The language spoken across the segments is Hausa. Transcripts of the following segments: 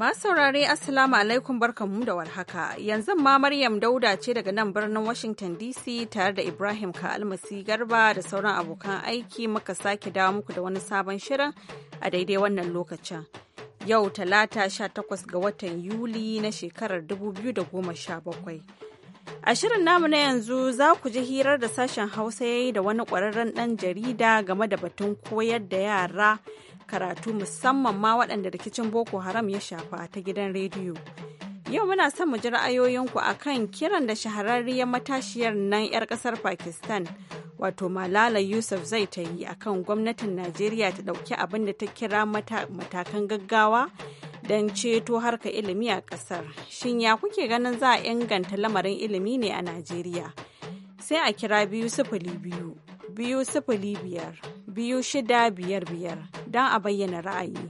Masu saurare Assalamu alaikum barkanmu da warhaka. Yanzu ma Maryam Dauda ce daga nan birnin Washington DC tare da Ibrahim Ka'almasi Garba da sauran abokan aiki muka sake dawo muku da wani sabon shirin a daidai wannan lokacin. Yau talata 18 ga watan Yuli na shekarar 2017. A shirin namu na yanzu za ku ji hirar da sashen Hausa ya yi da wani ƙwararren ɗan jarida game da batun koyar da yara karatu musamman ma waɗanda rikicin Boko Haram ya shafa ta gidan rediyo. Yau muna son mu ji ra'ayoyinku a kan kiran da shahararriyar matashiyar nan 'yar ƙasar Pakistan wato Malala Yusuf zai ta yi a kan gwamnatin Najeriya ta ɗauki abin da ta kira matakan gaggawa don ceto harka ilimi a ƙasar. Shin ya kuke ganin za a inganta lamarin ilimi ne a Najeriya? Sai a kira biyu sifili biyu, biyu sifili biyar, biyu shida biyar biyar don a bayyana ra'ayi.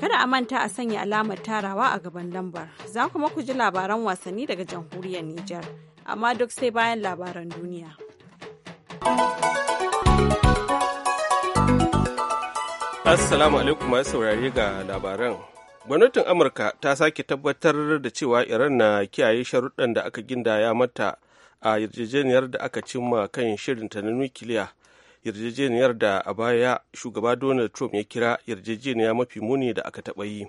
Kada a manta a sanya alamar tarawa a gaban lambar, za kuma ku ji labaran wasanni daga jamhuriyar Nijar, amma duk sai bayan labaran duniya. Assalamu alaikum masu saurari ga labaran. gwamnatin amurka ta sake tabbatar da cewa iran na kiyaye sharuɗan da aka gindaya mata a yarjejeniyar da aka cimma kan shirin ta na nukiliya yarjejeniyar da a baya shugaba donald trump ya kira yarjejeniya mafi muni da aka taɓa yi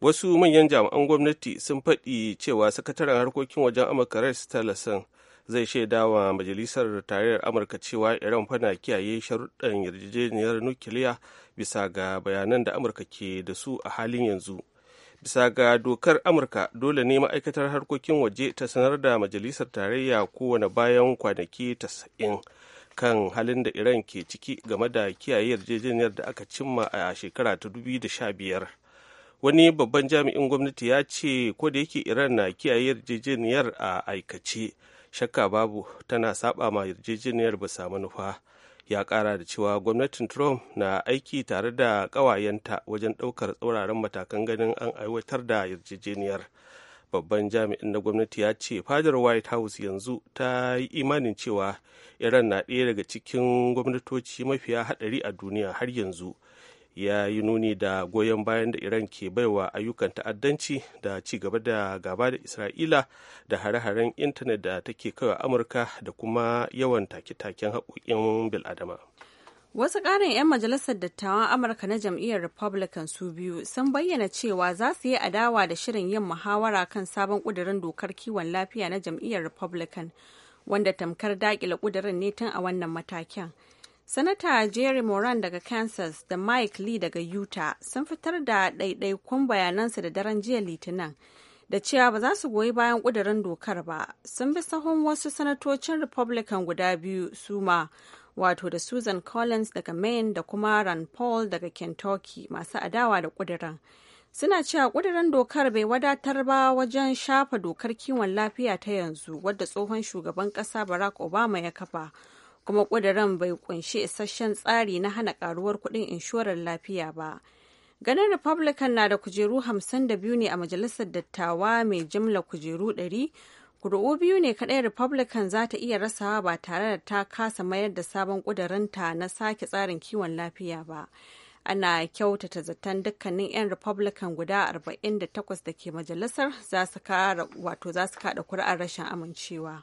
wasu manyan jami'an gwamnati sun faɗi cewa sakataren harkokin wajen amurka rex tillerson zai shaida wa majalisar tarayyar amurka cewa iran fana kiyaye sharuɗan yarjejeniyar nukiliya bisa ga bayanan da amurka ke da su a halin yanzu bisa ga dokar amurka dole ne ma'aikatar harkokin waje ta sanar da majalisar tarayya kowane bayan kwanaki tasa'in kan halin da iran ke ciki game da kiyaye yarjejeniyar da aka cimma a shekara ta da sha biyar, wani babban jami'in gwamnati ya ce ko da yake iran na kiyaye yarjejeniyar a aikace shakka babu tana saba ma yarjejeniyar ba samu nufa ya kara da cewa gwamnatin trump na aiki tare da ƙawayenta wajen ɗaukar tsauraran matakan ganin an aiwatar da yarjejeniyar babban jami'in na gwamnati ya ce fadar white house yanzu ta yi imanin cewa iran na ɗaya daga cikin gwamnatoci mafiya haɗari a duniya har yanzu ya yi nuni da goyon bayan da iran ke baiwa ayyukan ta'addanci da ci gaba da gaba da isra'ila da hare-haren intanet da take kawai amurka da kuma yawan take-taken haƙoƙin bil'adama wasu ƙarin 'yan majalisar dattawan amurka na jam'iyyar republican su biyu sun bayyana cewa za su yi adawa da shirin yin muhawara kan sabon ƙudurin dokar kiwon lafiya na jam'iyyar republican wanda tamkar daƙila ƙudurin ne tun a wannan matakin. Sanata Jerry Moran daga Kansas da Mike Lee daga Utah sun fitar da ɗaiɗaikun bayanansa da daren jiya Litinin da cewa ba za su goyi bayan ƙudurin dokar ba. Sun bi sahun wasu sanatocin Republican guda biyu Suma, wato da Susan Collins daga Maine da kuma Rand Paul daga Kentucky masu adawa da ƙudurin. Suna cewa ƙudurin dokar bai wadatar ba wajen shafa dokar kiwon lafiya ta yanzu wadda tsohon shugaban ƙasa Barack Obama ya kafa. kuma ƙudurin bai kunshi isasshen tsari na hana karuwar kuɗin inshorar lafiya ba ganin republican na da kujeru 52 ne a majalisar dattawa mai jimla kujeru 100 kuri'u biyu ne kadai republican za ta iya rasawa ba tare da ta kasa mayar da sabon ƙudurinta na sake tsarin kiwon lafiya ba ana kyautata zaton dukkanin 'yan republican guda 48 da ke majalisar za su kada kuri'ar rashin amincewa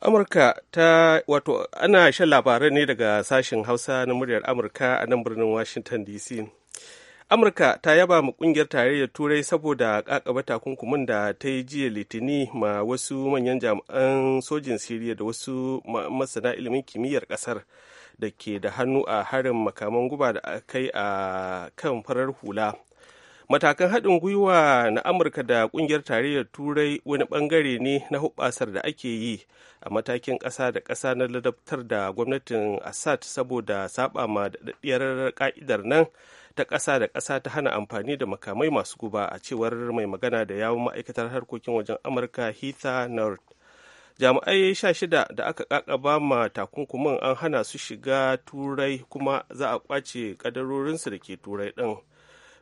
Amurka ta wato ana shan labarai ne daga sashen Hausa na muryar Amurka a nan birnin Washington DC. Amurka ta yaba ma kungiyar tarayyar Turai saboda kakaba takunkumin da ta yi jiya litini ma wasu manyan jami'an sojin Siriya da wasu masana ilimin kimiyyar kasar da ke da hannu a harin makaman guba da aka yi a kan farar hula. matakan haɗin gwiwa na amurka da ƙungiyar tarayyar turai wani ɓangare ne na hubbasar da ake yi a matakin ƙasa da ƙasa na ladabtar da gwamnatin assad saboda saba ma daɗaɗɗiyar ƙa'idar nan ta ƙasa da ƙasa ta hana amfani da makamai masu guba a cewar mai magana da yawon ma'aikatar harkokin wajen amurka heather nord jami'ai sha shida da aka kakaba ma takunkumin an hana su shiga turai kuma za a kwace kadarorinsu da ke turai ɗin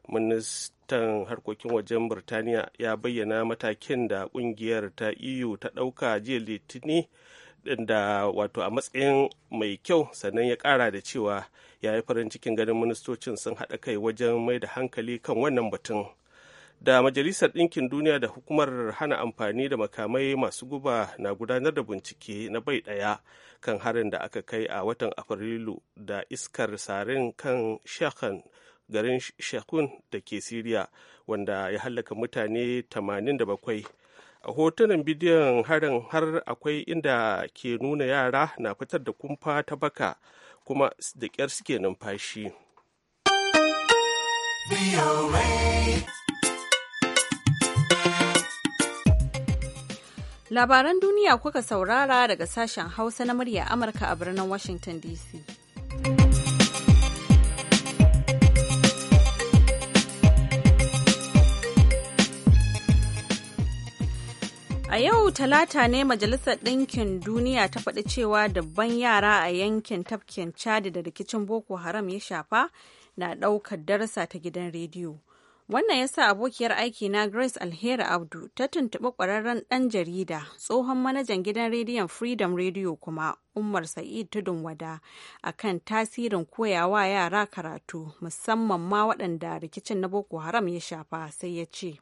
ministan harkokin wajen birtaniya ya bayyana matakin da kungiyar ta eu ta ɗauka jiya litini da wato a matsayin mai kyau sannan ya ƙara da cewa ya yi farin cikin ganin ministocin sun haɗa kai wajen mai da hankali kan wannan batun da majalisar ɗinkin duniya da hukumar hana amfani da makamai masu guba na gudanar da bincike na bai ɗaya kan harin da aka kai a watan afrilu da iskar sarin kan shakan garin shakun da ke siriya wanda ya hallaka mutane 87 a hotunan bidiyon harin har akwai inda ke nuna yara na fitar da kumfa ta baka kuma da ƙyar suke numfashi labaran duniya kuka saurara daga sashen hausa na murya amurka a birnin washington dc A yau talata ne Majalisar Ɗinkin Duniya ta faɗi cewa dabban yara a yankin tafkin Chad da rikicin Boko Haram ya shafa na ɗaukar darasa ta gidan rediyo. Wannan ya sa abokiyar aiki na Grace Alheri Abdu ta tuntuɓi ƙwararren ɗan jarida tsohon manajan gidan rediyon Freedom Radio kuma Umar Sa'id Tudun Wada a kan tasirin koyawa yara karatu musamman ma waɗanda rikicin na Boko Haram ya shafa sai ya ce.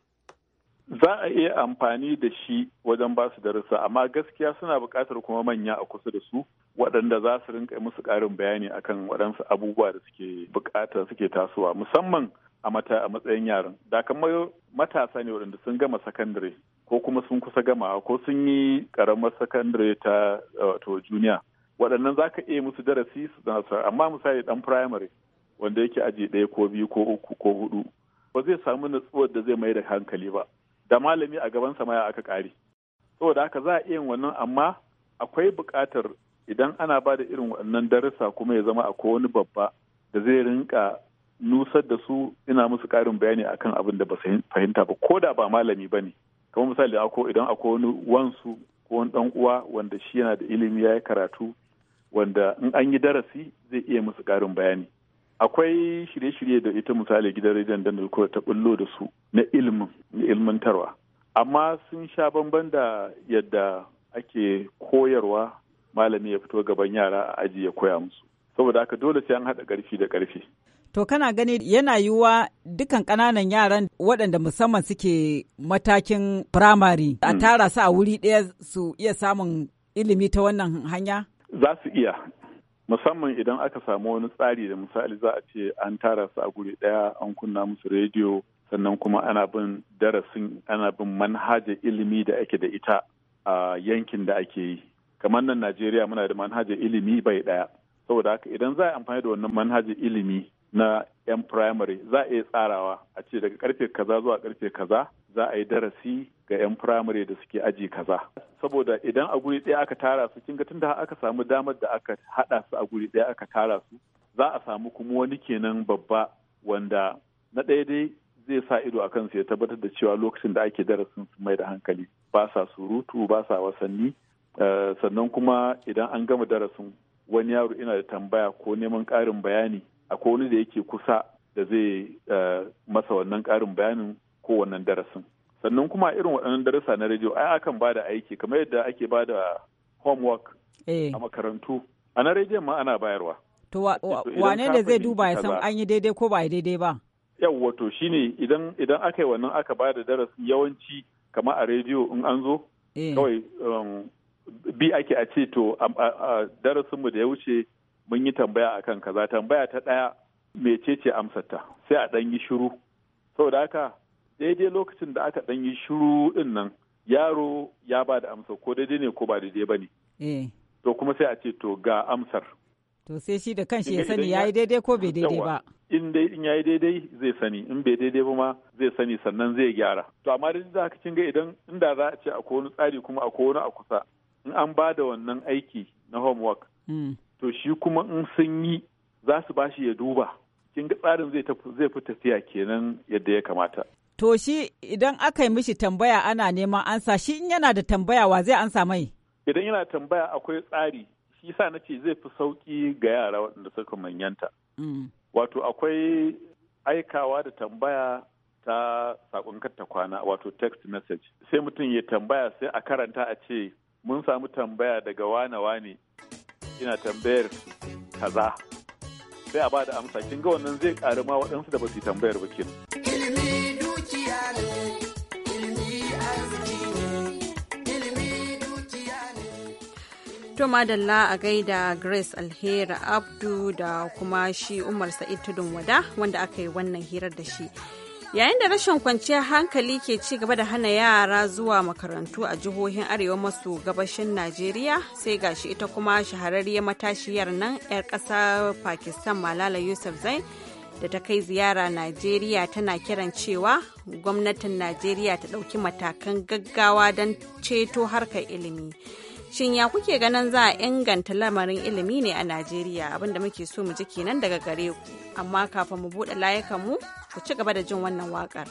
za a iya amfani da shi wajen ba su darussa amma gaskiya suna buƙatar kuma manya a kusa da su waɗanda za su rinka musu ƙarin bayani akan waɗansu abubuwa da suke buƙata suke tasowa musamman a mata a matsayin yaran da kamar matasa ne waɗanda sun gama sakandare ko kuma sun kusa gama ko sun yi ƙaramar sakandare ta eh, wato juniya waɗannan za ka iya musu darasi su amma misali ɗan firamare wanda yake aji ɗaya ko biyu ko uku ko hudu ba zai samu natsuwar da zai mai da hankali ba da malami a gaban sama aka kare saboda haka za a iya yin wannan amma akwai buƙatar idan ana ba da irin wannan darussa kuma ya zama akwai wani babba da zai rinka nusar da su ina musu ƙarin bayani akan abin da ba fahimta ba ko da ba malami ba ne kamar misali ako idan akwai wani wansu ko wani ɗan uwa wanda shi yana da ilimi ya yi karatu wanda in an yi darasi zai iya musu ƙarin bayani akwai shirye-shirye da ita misali gidan rediyon dandal ko ta bullo da su na ilimin na ilmantarwa amma sun sha bamban da yadda ake koyarwa malami ya fito gaban yara a aji ya koya musu saboda haka dole sai an haɗa ƙarfi da ƙarfi to kana gani yana yiwuwa dukan kananan yaran waɗanda musamman suke matakin firamare a hmm. tara su a wuri ɗaya su iya samun ilimi ta wannan hanya za su iya musamman idan aka samu wani tsari da misali za a ce an tara su a guri ɗaya an kunna musu rediyo sannan kuma ana bin darasin ana bin manhaja ilimi da ake da ita a yankin da ake yi kamar nan najeriya muna da manhaja ilimi bai ɗaya saboda haka idan za a amfani da wannan manhaja ilimi na 'yan primary za a iya tsarawa a ce daga karfe kaza zuwa karfe kaza za a yi darasi ga 'yan firamare da suke aji kaza saboda idan a guri ɗaya aka tara su kinga tunda aka samu damar da aka haɗa su a guri ɗaya aka tara su za a samu kuma wani kenan babba wanda na ɗaya dai zai sa ido a kansu ya tabbatar da cewa lokacin da ake darasin su mai da hankali ba sa surutu ba sa wasanni eh, sannan kuma idan an gama darasin wani yaro ina da tambaya ko neman ƙarin bayani akwai wani da yake kusa da zai eh, masa wannan ƙarin bayanin ko wannan darasin sannan kuma irin waɗannan darussa na rediyo ai akan ba aiki kamar yadda ake bada da homework eh. a makarantu a na rediyon ma ana bayarwa to wane da zai duba ya san an yi daidai ko ba yi daidai ba yawwa to shine idan idan aka yi wannan aka ba da darasi yawanci kamar a rediyo in an zo eh. kawai um, bi ake a ce to darasin mu da ya wuce mun yi tambaya akan kaza tambaya ta ɗaya mecece ta sai a ɗan yi shiru saboda haka daidai lokacin da aka ɗan yi shiru ɗin nan yaro ya ba da amsa ko daidai ne ko ba daidai ba ne. Eh. To kuma sai a ce to ga amsar. To sai shi da kanshi ya sani ya yi daidai ko bai daidai ba. In dai in ya yi daidai zai sani in bai daidai ba ma zai sani sannan zai gyara. To amma da za ka cinga idan inda za a ce a wani tsari kuma a wani a kusa in an ba da wannan aiki na homework. Hmm. To shi kuma in sun yi za su bashi ya duba. Kinga tsarin zai fi tafiya kenan yadda ya kamata. to shi idan aka yi mishi tambaya ana neman ansa shi in yana da tambaya wa zai ansa mai idan yana tambaya akwai tsari shi sa na ce zai fi sauki ga yara waɗanda suka manyanta mm. wato akwai aikawa da tambaya ta saƙon ta kwana wato text message sai mutum ya tambaya sai a karanta a ce mun samu tambaya daga wane wane ina tambayar kaza sai a ba da amsa kin ga wannan zai ƙari ma waɗansu da ba su yi tambayar ba kenan To madalla a gaida Grace Alheri Abdu da kuma shi Umar Sa'id Tudun Wada wanda aka yi wannan hirar da shi. Yayin da rashin kwanciyar hankali ke ci gaba da hana yara zuwa makarantu a jihohin arewa maso gabashin Najeriya sai gashi ita kuma shahararriyar matashiyar nan 'yar ƙasar Pakistan Malala Yusuf Zain da ta kai ziyara Najeriya tana kiran cewa gwamnatin Najeriya ta ɗauki matakan gaggawa don ceto harkar ilimi. Shin ya kuke ganin za a inganta lamarin ilimi ne a Najeriya abinda muke so mu ji kenan daga gare ku, amma kafin mu buɗe layukanmu ku ci gaba da jin wannan waƙar.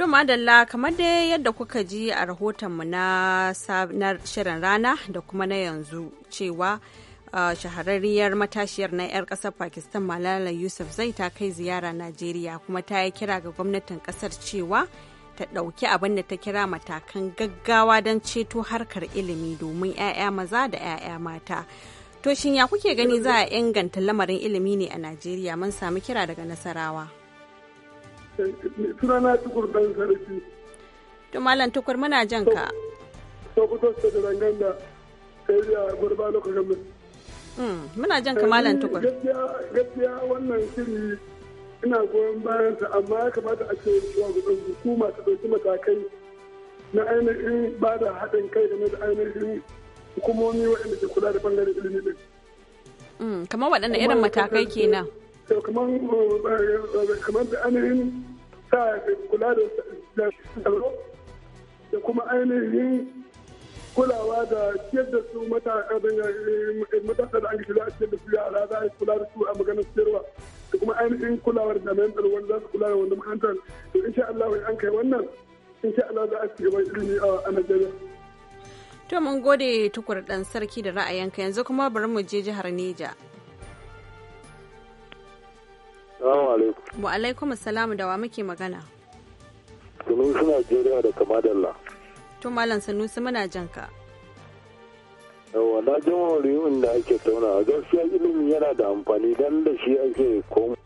To madalla kamar da yadda kuka ji a rahotonmu na shirin rana da kuma na yanzu cewa uh, shahararriyar matashiyar na 'yar ƙasar Pakistan Malala Yusuf zai ta kai ziyara Najeriya kuma ta yi kira ga gwamnatin ƙasar cewa ta ɗauki abin da ta kira matakan gaggawa don ceto harkar ilimi domin 'ya'ya maza da 'ya'ya mata. To shin ya kuke gani za a inganta lamarin ilimi ne a Najeriya mun sami kira daga Nasarawa. sunana tukur dan sarki to malam tukur muna jan ka to tukur gaskiya wannan shiri ina goyon bayan ta amma ya kamata a ce gudun hukuma ta dauki matakai na ainihin ba da haɗin kai da ainihin hukumomi waɗanda ke kula da ilimi ɗin. Hmm, kamar waɗanda irin matakai kenan to eh, kamar da ainihin sa kula da tsaro da kuma ainihin kulawa da ciyar da su eh, matasa da an gishila a ciyar da su yara za a yi kula da su a maganar ciyarwa da kuma ainihin kulawar da jami'an tsaro wanda za su kula da wanda makarantar to insha Allah an kai wannan insha Allah za a ci gaban ilimi a Najeriya. To mun gode tukur dan sarki da ra'ayinka yanzu kuma bari mu je jihar Neja. Salamu alaikum. Wa alaikum salamu da wa muke magana. Tunu suna jeriya da kamadalla. tun Malam Sanusi muna jan ka. Yawa na jin wariyoyin da ake tauna gaskiya ilimi yana da amfani dan da shi ake komo.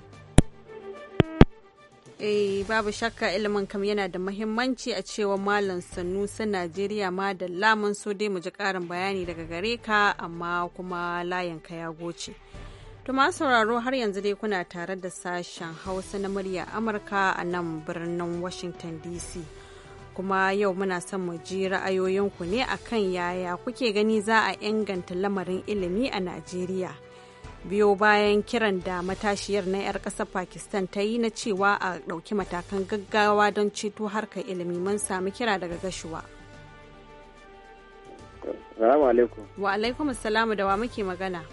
Eh babu shakka ilimin kam yana da mahimmanci a cewa Malam Sanusi Najeriya ma da lamun so dai mu ji karin bayani daga gare ka amma kuma layanka ya goce. Tuma sauraro har yanzu dai kuna tare da sashen Hausa na murya Amurka a nan birnin Washington DC. Kuma yau muna son mu ji ra'ayoyinku ne a kan yaya kuke gani za a inganta lamarin ilimi a Najeriya. Biyo bayan kiran da matashiyar na 'yar ƙasar Pakistan ta yi na cewa a ɗauki matakan gaggawa don ceto harkar ilimi mun sami kira daga gashuwa. Salamu alaikum. Wa alaikum salamu da wa muke magana.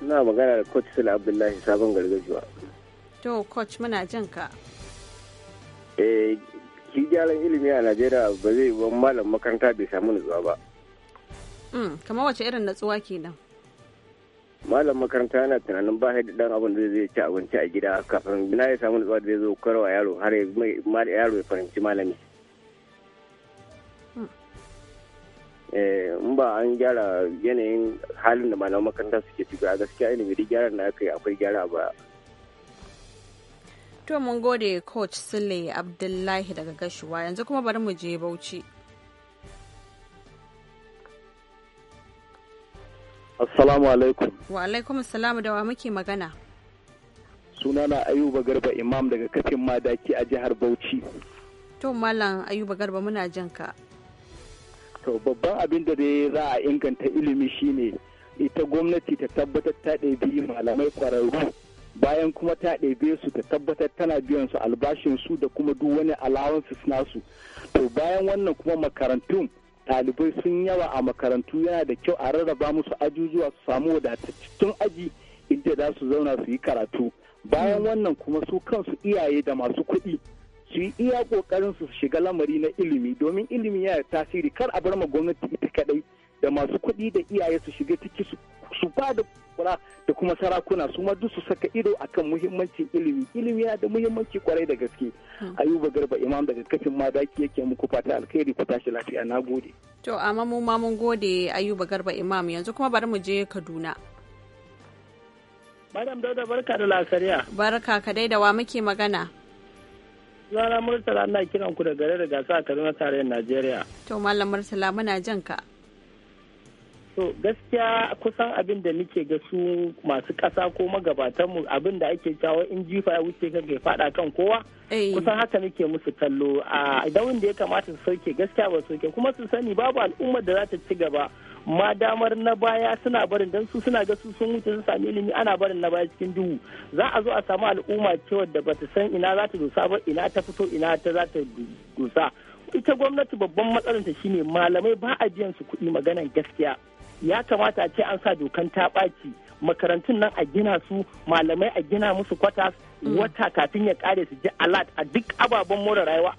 na magana da Coach Sula Abdullahi sabon gargajiya. To Coach muna jin ka. Eh ki gyaran ilimi a Najeriya ba zai ban malam makaranta bai samu nutsuwa ba. Mm, kamar wace irin natsuwa nan. malam makaranta yana tunanin ba da dan abin da zai ci abinci a gida kafin na ya samu nutsuwa da zai zo karwa yaro har yaro ya fahimci malami. Eh, in ba an gyara yanayin halin da malaman makaranta suke ciki a gaskiya ilimi duk gyaran da aka yi akwai gyara ba to mun gode coach sule abdullahi daga gashuwa yanzu kuma bari mu je bauchi assalamu alaikum wa alaikum assalamu da wa muke magana sunana ayuba garba imam daga kafin madaki a jihar bauchi to malam ayuba garba muna jinka ka to babban abin da dai za a inganta ilimi shine ita gwamnati ta tabbatar ta ɗabi malamai kwararru bayan kuma ta ɗabe su ta tabbatar tana biyan su albashin su da kuma duk wani alawansu nasu to bayan wannan kuma makarantun ɗalibai sun yawa a makarantu yana da kyau a rarraba musu ajujuwa su samu wadatattun aji inda za su zauna su yi karatu bayan hmm. wannan kuma su kansu iyaye da masu kuɗi su yi iya kokarin su shiga lamari na ilimi domin ilimi ya tasiri kar a bar ma gwamnati ita kadai da masu kuɗi da iyaye su shiga ciki su ba da kura da kuma sarakuna su ma duk su saka ido akan muhimmancin ilimi ilimi yana da muhimmanci kwarai da gaske hmm. ayuba garba imam daga kafin madaki yake muku fata alkhairi ku tashi lafiya na gode to amma mu ma mun gode ayuba garba imam yanzu kuma bari mu je kaduna madam dauda barka da lasariya barka ka dai da wa muke magana Sunana Murtala na kiran ku da gare da gasa a Kaduna tarayyar Najeriya. To Malam Murtala muna jan ka. To gaskiya kusan abin da nike ga su masu ƙasa ko magabatanmu abin da ake jawo in jifa ya wuce kan kai fada kan kowa. Eh. Kusan haka nake musu kallo a ah, idan da ya kamata su sauke gaskiya ba sauke kuma su sani babu al'ummar da za ta ci gaba ma damar na baya suna barin dan su suna ga su sun wuce su sami ilimi ana barin na baya cikin duhu za a zo a samu al'umma cewa da bata san ina za ta dosa ba ina ta fito ina ta za ta dosa ita gwamnati babban matsalarta shine malamai ba a biyan su kuɗi maganan gaskiya ya kamata a ce an sa dokan ta ɓaci makarantun nan a gina su malamai a gina musu kwata mm. wata kafin ya kare su ji alat a duk ababen more rayuwa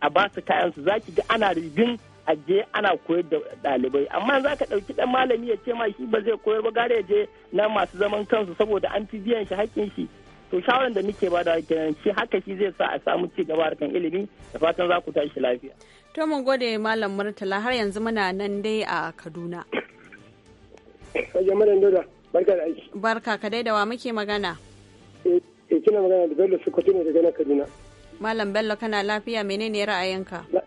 a basu su kayan su zaki ga ana rigin a je ana koyar da ɗalibai amma za ka ɗauki ɗan malami ya ce ma shi ba zai koyar ba gare ya je na masu zaman kansu saboda an fi biyan shi haƙƙin shi to shawaran da muke ba da kenan shi haka shi zai sa a samu ci gaba harkan ilimi da fatan za ku tashi lafiya. to mun gode malam murtala har yanzu muna nan dai a kaduna. barka da aiki. barka ka dai da wa muke magana. Eh, eh, kina magana da bello sokoto ne daga na kaduna. malam bello kana lafiya menene ra'ayinka.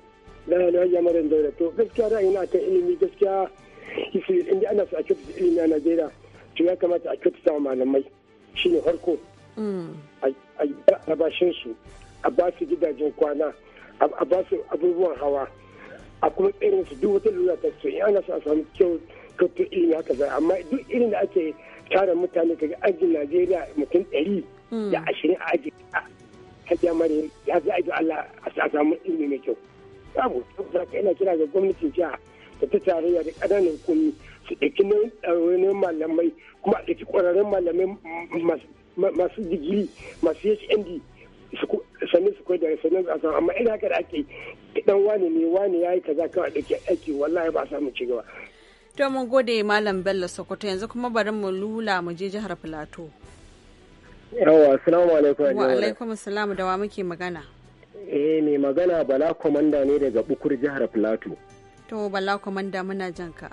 na na jamarin da to gaskiya ra'ayi na kan ilimi gaskiya inda ana su a kyautata ilimi a najeriya to ya kamata a kyautata wa malamai shine farko mm. a bashin su a ba su gidajen kwana a ba su abubuwan hawa a kuma tsirin su duk wata lura ta su ana su a samu kyau kyautu ilimi haka zai amma duk irin da ake tara mutane kaga ajin najeriya mutum ɗari mm. da ashirin a aji a hajjamare ya zai aji allah a samu ilimi mai kyau babu saboda ina kira ga gwamnatin jiha da ta tarayya da ƙananan hukumi su ɗauki nauyin malamai kuma a ɗauki ƙwararrun malamai masu digiri masu hnd sannan su koyar da sannan a samu amma ina ka da ake dan wane ne wane ya yi kaza kawai da ke aiki wallahi ba a samu ci gaba. to mun gode malam bello sokoto yanzu kuma bari mu lula mu je jihar filato. yawa assalamu alaikum wa alaikum assalamu da wa muke magana. eh mai magana bala kwamanda ne daga bukur jihar plateau to bala komanda muna jan ka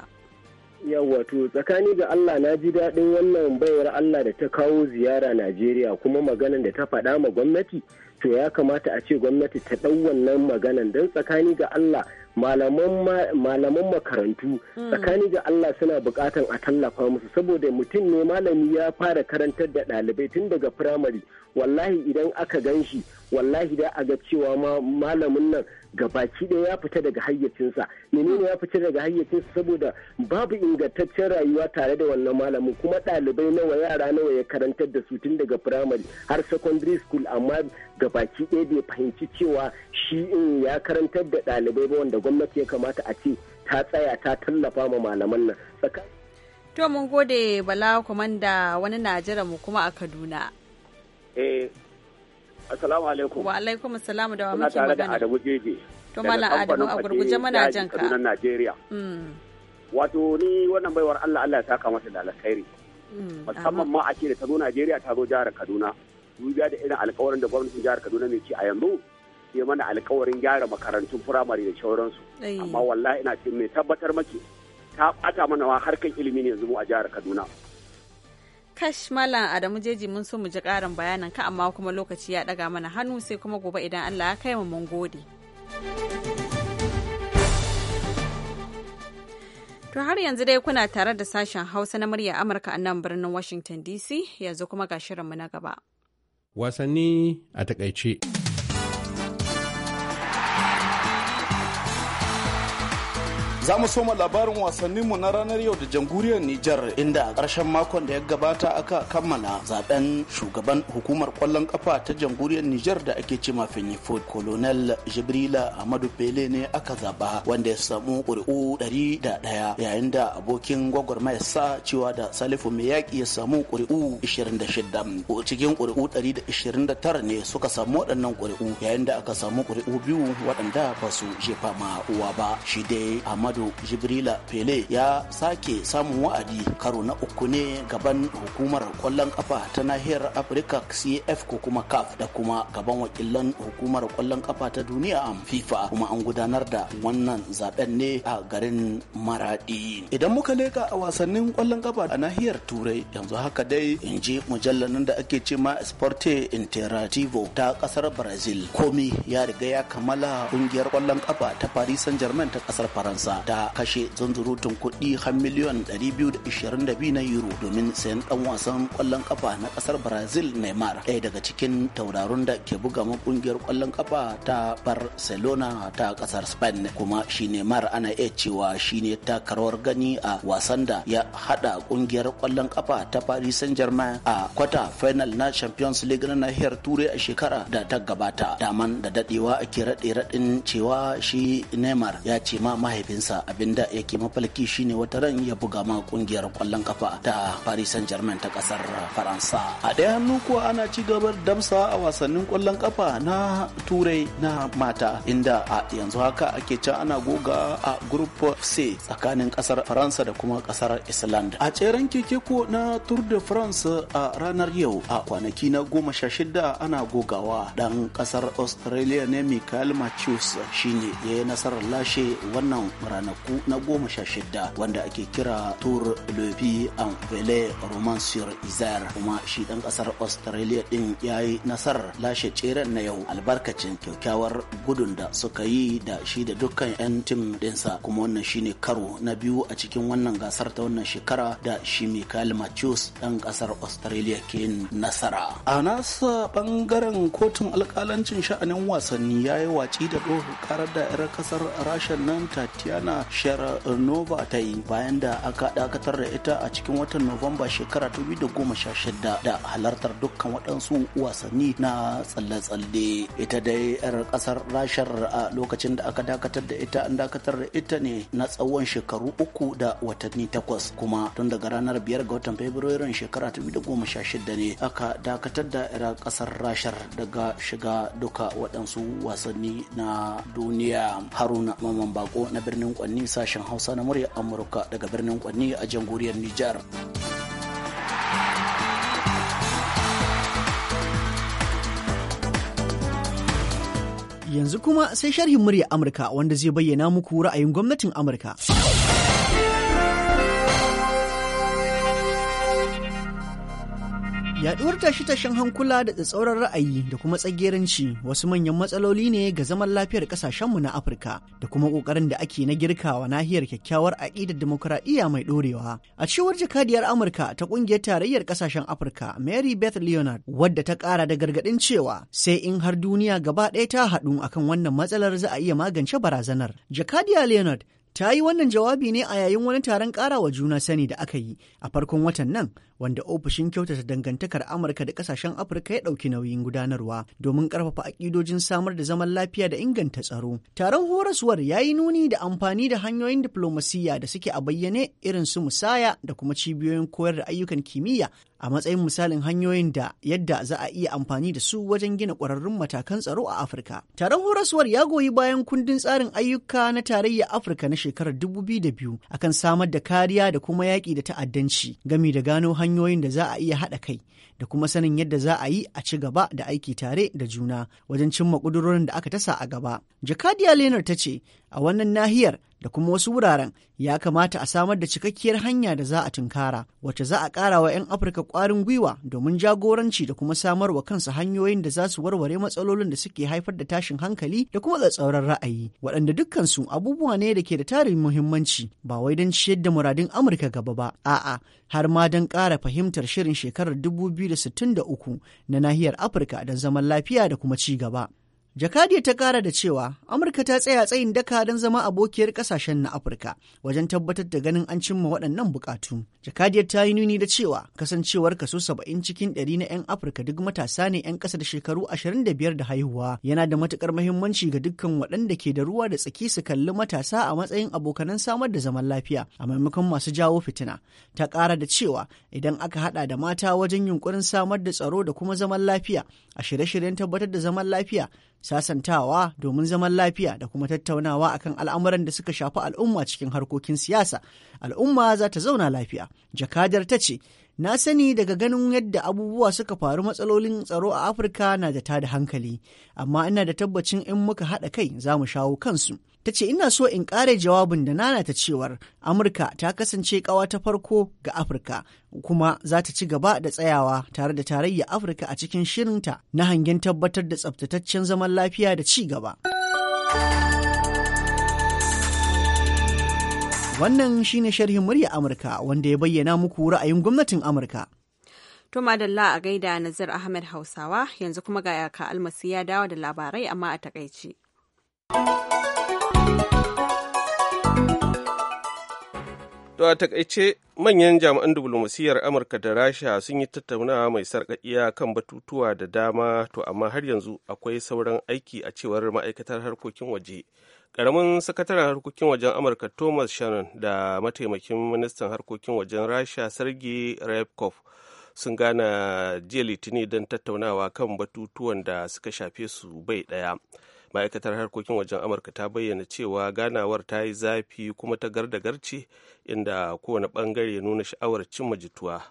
yawa to tsakani ga allah na ji daɗin wannan bayar allah da ta kawo ziyara najeriya kuma maganan da ta faɗa ma gwamnati to ya kamata a ce gwamnati ta ɗau wannan maganan don tsakani ga allah malaman makarantu hmm. tsakani ga Allah suna bukatan a tallafa musu saboda mutum ne malami ya fara karantar da ɗalibai tun daga firamare wallahi idan aka gan shi wallahi da a ga cewa ma malamin nan gabaki ɗaya ya fita daga hayyacinsa menene ya fita daga hayyacinsa saboda babu ingantaccen rayuwa tare da wannan malamin kuma ɗalibai nawa yara nawa ya karantar da su tun daga firamare har secondary school amma gabaki ɗaya bai fahimci cewa shi in ya karantar da ɗalibai ba wanda gwamnati ya kamata a ce ta tsaya ta tallafa ma malaman nan to mun gode bala kwamanda wani najeriya mu kuma a kaduna eh assalamu alaikum wa alaikum assalamu da wa muke magana tare da adamu jeje to malam adamu a gurguje mana jan ka kaduna najeriya mm. wato ni wannan baiwar Allah Allah ya saka masa da alkhairi mm, musamman ma a ce da ta zo Najeriya ta zo jihar Kaduna dubiya da irin alƙawarin da gwamnatin jihar Kaduna ne ci a yanzu ya mana alkawarin gyara makarantun firamare da shauransu amma wallahi ina ce mai tabbatar maki ta bata mana wa harkar ilimi ne yanzu a jihar Kaduna kash malam Adamu jeji mun so mu ji karin bayanan ka amma kuma lokaci ya ɗaga mana hannu sai kuma gobe idan Allah ya kai mu mun gode To har yanzu dai kuna tare da sashen Hausa na murya Amurka a nan birnin Washington DC yanzu kuma ga shirinmu na gaba. Wasanni a takaice. Za mu soma labarin wasannin mu na ranar yau da jamhuriyar Nijar inda ƙarshen makon da ya gabata aka kammala zaben shugaban hukumar kwallon kafa ta jamhuriyar Nijar da ake ce mafin Food Colonel Jibrila Ahmadu Bele ne aka zaba wanda ya samu ƙuri'u ɗari da ɗaya yayin da abokin gwagwarmayar sa cewa da Salifu Mayaki ya samu ƙuri'u 26. Cikin ƙuri'u 129 ne suka samu waɗannan kuri'u. yayin da aka samu kuri'u biyu waɗanda ba su jefa ma uwa ba. Shi dai Muhammadu Jibrila Pele ya sake samun wa'adi karo na uku ne gaban hukumar kwallon kafa ta nahiyar Afirka CF ko kuma CAF da kuma gaban wakilan hukumar kwallon kafa ta duniya a um, FIFA kuma an gudanar da wannan zaben ne a garin Maradi. Idan muka leka a wasannin kwallon kafa a nahiyar Turai yanzu haka dai in ji mujallar da ake cema ma Sporte Interativo ta kasar Brazil komi ya riga ya kamala kungiyar kwallon kafa ta Paris Saint-Germain ta kasar Faransa da kashe zanzurutun kuɗi har miliyan 222 na euro domin sayan ɗan wasan ƙwallon ƙafa na ƙasar brazil neymar ɗaya daga cikin tauraron da ke buga ƙungiyar ƙwallon ƙafa ta barcelona ta ƙasar spain kuma shi neymar ana iya cewa shi ne takarawar gani a wasan da ya haɗa ƙungiyar ƙwallon ƙafa ta paris saint germain a kwata final na champions league na nahiyar turai a shekara da ta gabata daman da daɗewa ake raɗe-raɗin cewa shi neymar ya ce ma mahaifinsa kansa ya yake mafalki shine wata ran ya buga ma kungiyar kwallon kafa ta Paris Saint-Germain ta kasar Faransa. A ɗaya hannu kuwa ana ci gabar damsa a wasannin kwallon kafa na Turai na mata inda a yanzu haka ake can ana goga a Group C tsakanin kasar Faransa da kuma kasar island A tseren keke ko na Tour de France a ranar yau a kwanaki na goma sha shida ana gogawa dan kasar Australia ne Michael Matthews shine ya yi nasarar lashe wannan ranaku na goma sha shida wanda ake kira tour le vie en vele roman sur isère kuma shi dan kasar australia din ya yi nasarar lashe tseren na yau albarkacin kyakkyawar gudun da suka yi da shi da dukkan 'yan tim dinsa kuma wannan shine karo na biyu a cikin wannan gasar ta wannan shekara da shi Michael Matthews dan kasar Australia ke nasara. A nasa bangaren kotun alkalancin sha'anin wasanni ya yi watsi da ɗorin karar da 'yar kasar Rasha nan Tatiana magana shara eh, nova ta yi bayan da aka dakatar da ita a cikin watan nuwamba shekara 2016 da halartar dukkan waɗansu wasanni na tsalle-tsalle ita dai yar ƙasar rashar a lokacin da aka dakatar da ita an dakatar da ita ne na tsawon shekaru uku da watanni takwas kuma tun daga ranar biyar ga watan fabrairun shekara 2016 ne aka dakatar da yar ƙasar rashar daga shiga duka waɗansu wasanni na duniya haruna maman bako na birnin Kwanni sashen Hausa na murya Amurka daga birnin Kwanni a jamhuriyar Nijar. Yanzu kuma sai sharhin murya Amurka wanda zai bayyana muku ra'ayin gwamnatin Amurka. Yaɗuwar tashe-tashen hankula da tsatsauran ra'ayi da kuma tsageranci wasu manyan matsaloli ne ga zaman lafiyar kasashenmu na Afirka da kuma ƙoƙarin da ake na girkawa nahiyar kyakkyawar aƙidar demokuraɗiyya mai ɗorewa. A cewar jakadiyar Amurka ta ƙungiyar tarayyar ƙasashen Afirka Mary Beth Leonard wadda ta ƙara da gargaɗin cewa sai in har duniya gaba ɗaya ta haɗu akan wannan matsalar za a iya magance barazanar. Jakadiya Leonard ta yi wannan jawabi ne a yayin wani taron ƙarawa juna sani da aka yi a farkon watan nan wanda ofishin kyautata dangantakar Amurka da kasashen Afirka ya ɗauki nauyin gudanarwa domin karfafa aƙidojin samar da zaman lafiya da inganta tsaro. Taron horaswar ya yi nuni da amfani da hanyoyin diflomasiyya da suke a bayyane irin su musaya da kuma cibiyoyin koyar da ayyukan kimiyya a matsayin misalin hanyoyin da yadda za a iya amfani da su wajen gina ƙwararrun matakan tsaro a Afirka. Taron horaswar ya goyi bayan kundin tsarin ayyuka na tarayya Afirka na shekarar dubu 2002 akan samar da kariya da kuma yaƙi da ta'addanci, gami da gano hanyoyin hanyoyin da za a iya haɗa kai da kuma sanin yadda za a yi a ci gaba da aiki tare da juna wajen cimma ƙudurorin da aka tasa a gaba. Jakadiya Lenar ta ce, a wannan nahiyar da kuma wasu wuraren ya kamata a samar da cikakkiyar hanya da za a tunkara wacce za a ƙara wa 'yan afirka kwarin gwiwa domin jagoranci da kuma samar wa kansu hanyoyin da za su warware matsalolin da suke haifar da tashin hankali da kuma tsatsauran ra'ayi waɗanda dukkansu abubuwa ne da ke da tarin muhimmanci ba wai don ciyar da muradin amurka gaba ba a'a har ma don ƙara fahimtar shirin shekarar dubu biyu da da sittin uku na nahiyar afirka don zaman lafiya da kuma ci gaba. Jakadiya ta kara da cewa Amurka ta tsaya tsayin daka don zama abokiyar kasashen na Afirka wajen tabbatar da ganin an cimma waɗannan bukatu. Jakadiyar ta yi nuni da cewa kasancewar kaso saba'in cikin ɗari na 'yan Afirka duk matasa ne 'yan ƙasa da shekaru ashirin da biyar da haihuwa yana da matukar muhimmanci ga dukkan waɗanda ke da ruwa da tsaki su kalli matasa a matsayin abokanan samar da zaman lafiya a maimakon masu jawo fitina. Ta kara da cewa idan aka haɗa da mata wajen yunkurin samar da tsaro da kuma zaman lafiya a shirye-shiryen tabbatar da zaman lafiya sasantawa domin zaman lafiya da kuma tattaunawa akan al'amuran da suka shafi al'umma cikin harkokin siyasa al'umma za ta zauna lafiya jakadar ta ce na sani daga ganin yadda abubuwa suka faru matsalolin tsaro a afirka na da da hankali amma ina da tabbacin in muka haɗa kai za mu shawo kansu ta ce ina so in ƙare jawabin da nana ta cewar amurka ta kasance kawa ta farko ga afirka kuma za ta ci gaba da tsayawa tare da tarayya afirka a cikin shirinta na hangen tabbatar da tsabtataccen zaman lafiya da ci gaba wannan shine sharhin murya amurka wanda ya bayyana muku ra'ayin gwamnatin amurka To madalla a gaida Nazir Ahmed Hausawa yanzu kuma ga yaka almasi ya dawo da labarai amma a takaice. To a takaice manyan jami'an diflomasiyyar Amurka da Rasha sun yi tattaunawa mai sarƙaƙiya kan batutuwa da dama to amma har yanzu akwai sauran aiki a cewar ma'aikatar harkokin waje. Ƙaramin sakataren harkokin wajen Amurka Thomas Shannon da mataimakin ministan harkokin wajen Rasha Sergei Rebkov sun gana jiya litinin don tattaunawa kan batutuwan da suka shafe su bai ɗaya. ma'aikatar harkokin wajen amurka ta bayyana cewa ganawar ta yi zafi kuma ta garda garci inda kowane bangare nuna sha'awar cin jituwa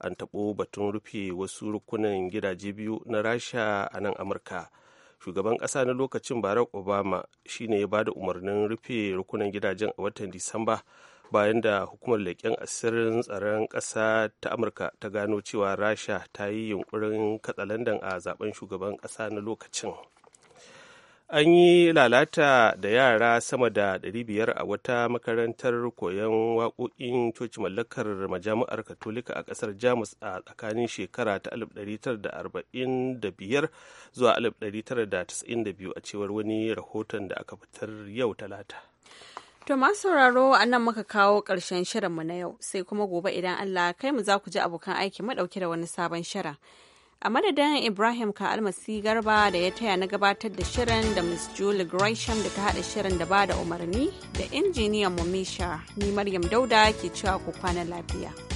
an taɓo batun rufe wasu rukunan gidaje biyu na rasha a nan amurka shugaban ƙasa na lokacin barack obama shine ya bada umarnin rufe rukunan gidajen a watan disamba bayan da hukumar leƙen asirin tsaron ƙasa ta amurka ta gano cewa rasha ta yi yunkurin katsalandan a zaben shugaban ƙasa na lokacin an yi lalata da yara sama da 500 a wata makarantar koyon waƙoƙin coci mallakar majami'ar katolika a ƙasar jamus a tsakanin shekara ta 1945 zuwa 1992 a cewar wani rahoton da aka fitar yau talata To masu sauraro a nan muka kawo ƙarshen shirinmu na yau sai kuma gobe idan Allah kai mu za ku ji abokan aiki mu da wani sabon shirin. a madadin ibrahim almasi garba da ya taya na gabatar da shirin da miss julie gresham da ta hada shirin da ba da umarni da injiniyan mu ni maryam dauda ke cewa ku kwana lafiya